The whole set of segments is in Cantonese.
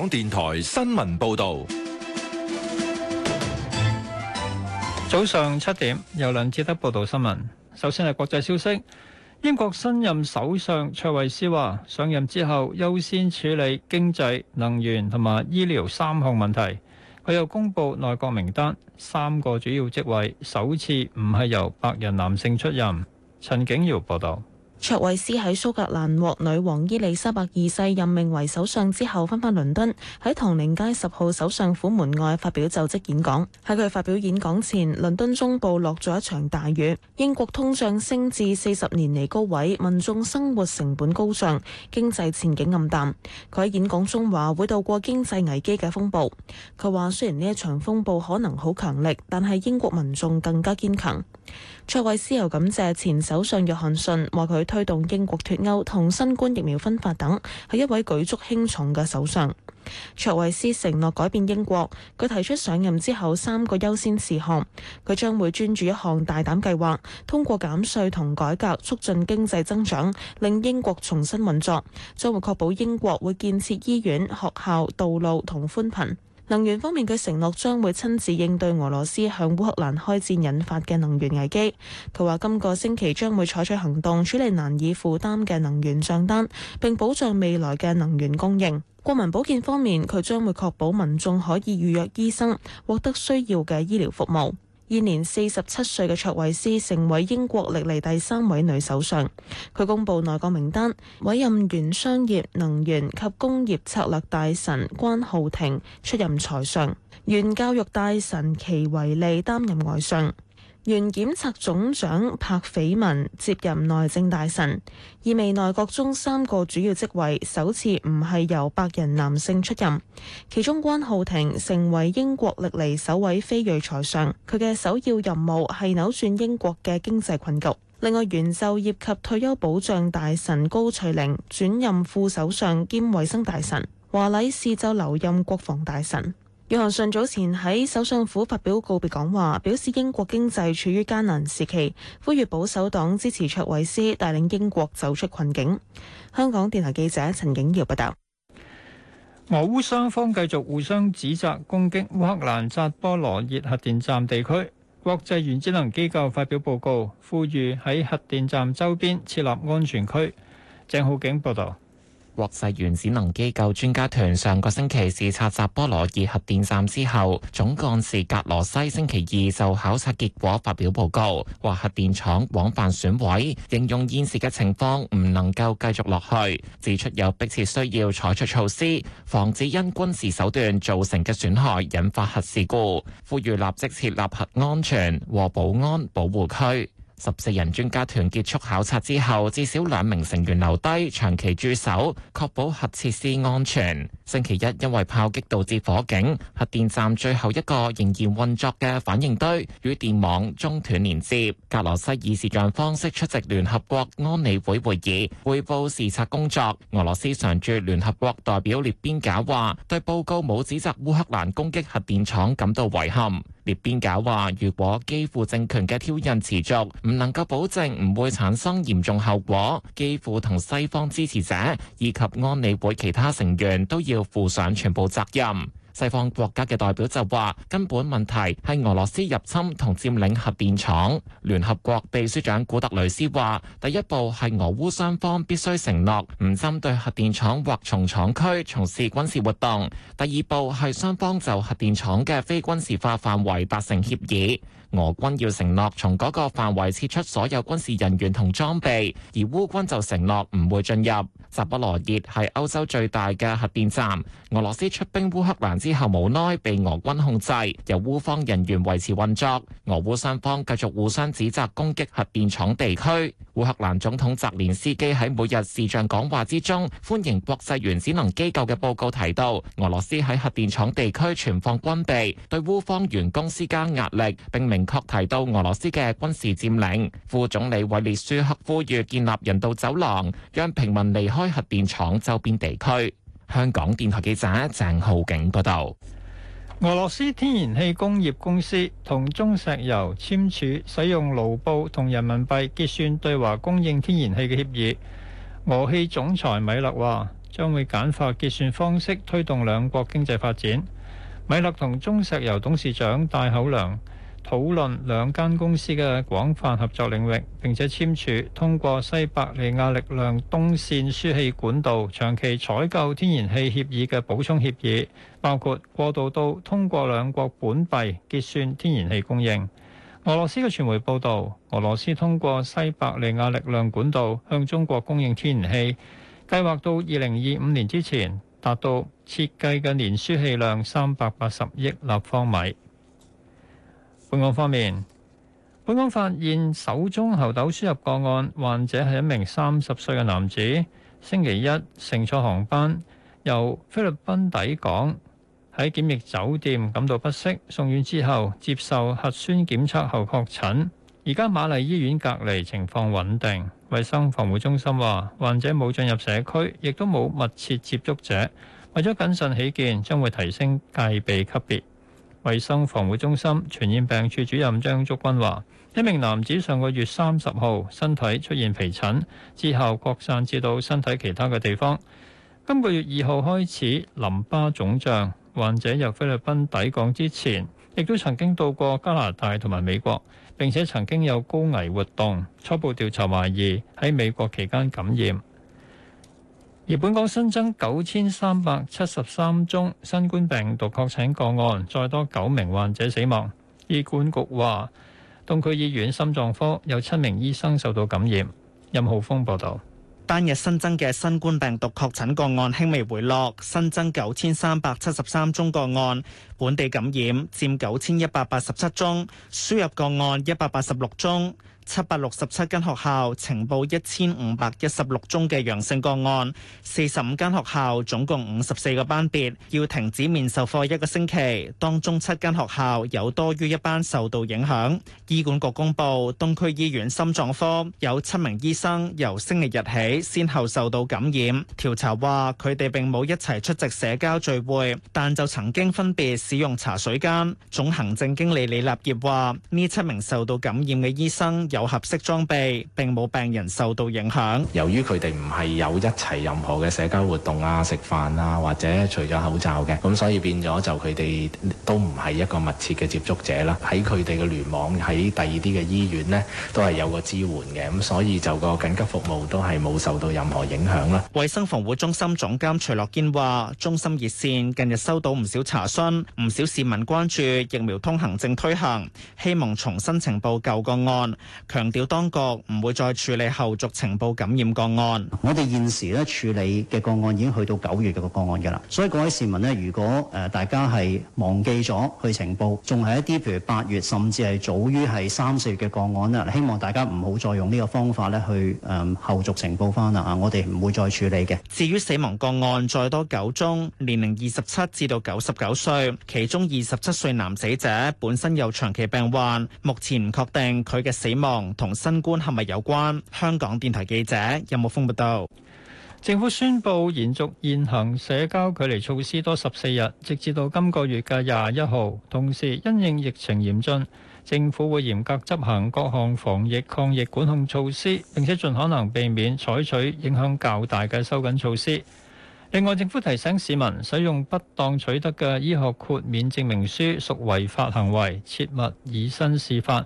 港電台新聞報道，早上七點由梁志德報道新聞。首先係國際消息，英國新任首相卓慧斯話，上任之後優先處理經濟、能源同埋醫療三項問題。佢又公布內閣名單，三個主要職位首次唔係由白人男性出任。陳景瑤報道。卓惠斯喺蘇格蘭獲女王伊麗莎白二世任命為首相之後分倫，翻返倫敦喺唐寧街十號首相府門外發表就職演講。喺佢發表演講前，倫敦中部落咗一場大雨。英國通脹升至四十年嚟高位，民眾生活成本高漲，經濟前景暗淡。佢喺演講中話會度過經濟危機嘅風暴。佢話雖然呢一場風暴可能好強力，但係英國民眾更加堅強。卓慧斯又感謝前首相約翰遜，話佢推動英國脫歐同新冠疫苗分發等，係一位舉足輕重嘅首相。卓慧斯承諾改變英國，佢提出上任之後三個優先事項，佢將會專注一項大膽計劃，通過減稅同改革促進經濟增長，令英國重新運作，將會確保英國會建設醫院、學校、道路同寬頻。能源方面，佢承諾將會親自應對俄羅斯向烏克蘭開戰引發嘅能源危機。佢話今個星期將會採取行動處理難以負擔嘅能源賬單，並保障未來嘅能源供應。國民保健方面，佢將會確保民眾可以預約醫生，獲得需要嘅醫療服務。現年四十七歲嘅卓慧思成為英國歷嚟第三位女首相。佢公布內閣名單，委任原商業、能源及工業策略大臣關浩廷出任財相，原教育大臣祁維利擔任外相。原檢察總長柏斐文接任內政大臣，意味內閣中三個主要職位首次唔係由白人男性出任。其中關浩庭成為英國歷嚟首位非裔財相，佢嘅首要任務係扭轉英國嘅經濟困局。另外，原就業及退休保障大臣高翠玲轉任副首相兼衞生大臣，華禮士就留任國防大臣。約翰遜早前喺首相府發表告別講話，表示英國經濟處於艱難時期，呼籲保守黨支持卓偉斯帶領英國走出困境。香港電台記者陳景堯報道。俄烏雙方繼續互相指責攻擊烏克蘭扎波羅熱核電站地區，國際原子能機構發表報告，呼籲喺核電站周邊設立安全區。鄭浩景報道。國際原子能機構專家團上個星期視察薩波羅爾核電站之後，總幹事格羅西星期二就考察結果發表報告，話核電廠廣泛損毀，形容現時嘅情況唔能夠繼續落去，指出有迫切需要採取措施，防止因軍事手段造成嘅損害引發核事故，呼籲立即設立核安全和保安保護區。十四人專家團結束考察之後，至少兩名成員留低長期駐守，確保核設施安全。星期一因為炮擊導致火警，核電站最後一個仍然運作嘅反應堆與電網中斷連接。格羅西以視像方式出席聯合國安理會會議，彙報視察工作。俄羅斯常駐聯合國代表列邊賈話，對報告冇指責烏克蘭攻擊核電廠感到遺憾。邊搞話，如果基輔政權嘅挑釁持續，唔能夠保證唔會產生嚴重後果。基輔同西方支持者以及安理會其他成員都要負上全部責任。西方國家嘅代表就話：根本問題係俄羅斯入侵同佔領核電廠。聯合國秘書長古特雷斯話：第一步係俄烏雙方必須承諾唔針對核電廠或從廠區從事軍事活動。第二步係雙方就核電廠嘅非軍事化範圍達成協議。俄軍要承諾從嗰個範圍撤出所有軍事人員同裝備，而烏軍就承諾唔會進入。扎波羅熱係歐洲最大嘅核電站，俄羅斯出兵烏克蘭。之後無奈被俄軍控制，由烏方人員維持運作。俄烏雙方繼續互相指責攻擊核電廠地區。烏克蘭總統澤連斯基喺每日視像講話之中，歡迎國際原子能機構嘅報告，提到俄羅斯喺核電廠地區存放軍備，對烏方員工施加壓力，並明確提到俄羅斯嘅軍事佔領。副總理韋列舒克呼籲建立人道走廊，讓平民離開核電廠周邊地區。香港電台記者鄭浩景報道：俄羅斯天然氣工業公司同中石油簽署使用盧布同人民幣結算對華供應天然氣嘅協議。俄氣總裁米勒話，將會簡化結算方式，推動兩國經濟發展。米勒同中石油董事長戴厚良，討論兩間公司嘅廣泛合作領域，並且簽署通過西伯利亞力量東線輸氣管道長期採購天然氣協議嘅補充協議，包括過渡到通過兩國本幣結算天然氣供應。俄羅斯嘅傳媒報導，俄羅斯通過西伯利亞力量管道向中國供應天然氣，計劃到二零二五年之前達到設計嘅年輸氣量三百八十億立方米。本港方面，本港發現首宗猴痘輸入個案，患者係一名三十歲嘅男子，星期一乘坐航班由菲律賓抵港，喺檢疫酒店感到不適送院之後接受核酸檢測後確診，而家瑪麗醫院隔離情況穩定。衛生防護中心話患者冇進入社區亦都冇密切接觸者，為咗謹慎起見將會提升戒備級別。衛生防護中心傳染病處主任張竹君話，一名男子上個月三十號身體出現皮疹，之後擴散至到身體其他嘅地方。今個月二號開始淋巴腫脹，患者由菲律賓抵港之前，亦都曾經到過加拿大同埋美國，並且曾經有高危活動。初步調查懷疑喺美國期間感染。而本港新增九千三百七十三宗新冠病毒確診個案，再多九名患者死亡。醫管局話，東區醫院心臟科有七名醫生受到感染。任浩峰報道。單日新增嘅新冠病毒確診個案輕微回落，新增九千三百七十三宗個案，本地感染佔九千一百八十七宗，輸入個案一百八十六宗。七百六十七間學校呈報一千五百一十六宗嘅陽性個案，四十五間學校總共五十四個班別要停止面授課一個星期，當中七間學校有多於一班受到影響。醫管局公布，東區醫院心臟科有七名醫生由星期日起先後受到感染。調查話佢哋並冇一齊出席社交聚會，但就曾經分別使用茶水間。總行政經理李立業話：呢七名受到感染嘅醫生有合適裝備，並冇病人受到影響。由於佢哋唔係有一齊任何嘅社交活動啊、食飯啊，或者除咗口罩嘅，咁所以變咗就佢哋都唔係一個密切嘅接觸者啦。喺佢哋嘅聯網喺第二啲嘅醫院呢，都係有個支援嘅，咁所以就個緊急服務都係冇受到任何影響啦。衞生防護中心總監徐樂堅話，中心熱線近日收到唔少查詢，唔少市民關注疫苗通行證推行，希望重新呈報舊個案。強調當局唔會再處理後續情報感染個案。我哋現時咧處理嘅個案已經去到九月嘅個，個案㗎啦。所以各位市民呢，如果誒、呃、大家係忘記咗去情報，仲係一啲譬如八月甚至係早於係三四月嘅個案啦。希望大家唔好再用呢個方法咧去誒、呃、後續情報翻啊！我哋唔會再處理嘅。至於死亡個案再多九宗，年齡二十七至到九十九歲，其中二十七歲男死者本身有長期病患，目前唔確定佢嘅死亡。同新冠係咪有關？香港電台記者任慕峰報道。政府宣布延續現行社交距離措施多十四日，直至到今個月嘅廿一號。同時，因應疫情嚴峻，政府會嚴格執行各項防疫抗疫管控措施，並且盡可能避免採取影響較大嘅收緊措施。另外，政府提醒市民使用不當取得嘅醫學豁免證明書屬違法行為，切勿以身試法。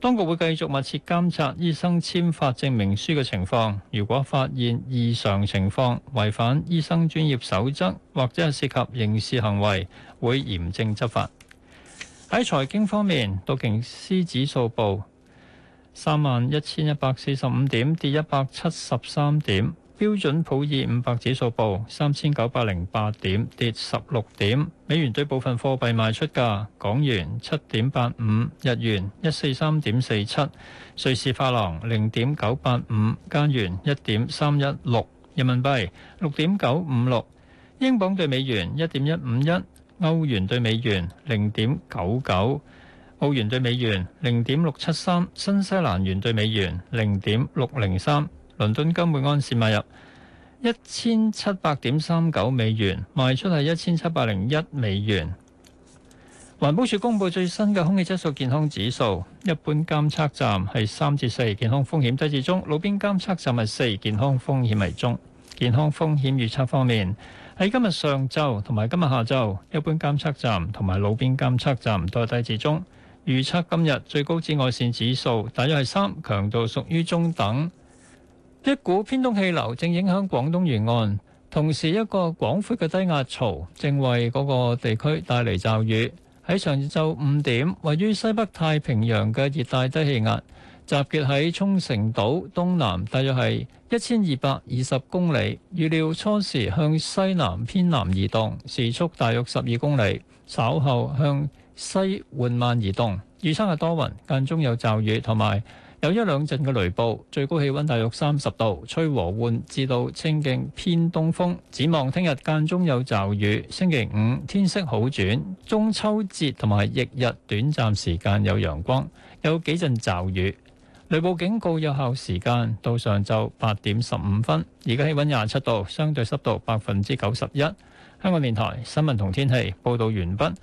當局會繼續密切監察醫生簽發證明書嘅情況，如果發現異常情況，違反醫生專業守則或者係涉及刑事行為，會嚴正執法。喺財經方面，道瓊斯指數報三萬一千一百四十五點，跌一百七十三點。標準普爾五百指數報三千九百零八點，跌十六點。美元對部分貨幣賣出價：港元七點八五，日元一四三點四七，瑞士法郎零點九八五，加元一點三一六，人民幣六點九五六，英鎊對美元一點一五一，歐元對美元零點九九，澳元對美元零點六七三，新西蘭元對美元零點六零三。倫敦金每安士買入一千七百點三九美元，賣出係一千七百零一美元。環保署公布最新嘅空氣質素健康指數，一般監測站係三至四，健康風險低至中，路邊監測站係四，健康風險為中。健康風險預測方面，喺今日上晝同埋今日下晝，一般監測站同埋路邊監測站都係低至中預測。預測今日最高紫外線指數大約係三，強度屬於中等。一股偏東氣流正影響廣東沿岸，同時一個廣闊嘅低壓槽正為嗰個地區帶嚟驟雨。喺上晝五點，位於西北太平洋嘅熱帶低氣壓，集結喺沖繩島東南，大約係一千二百二十公里。預料初時向西南偏南移動，時速大約十二公里，稍後向西緩慢移動。預測係多雲，間中有驟雨，同埋，有一兩陣嘅雷暴，最高氣温大約三十度，吹和緩至到清勁偏東風。展望聽日間中有驟雨，星期五天色好轉，中秋節同埋翌日短暫時間有陽光，有幾陣驟雨。雷暴警告有效時間到上晝八點十五分。而家氣温廿七度，相對濕度百分之九十一。香港電台新聞同天氣報道完畢。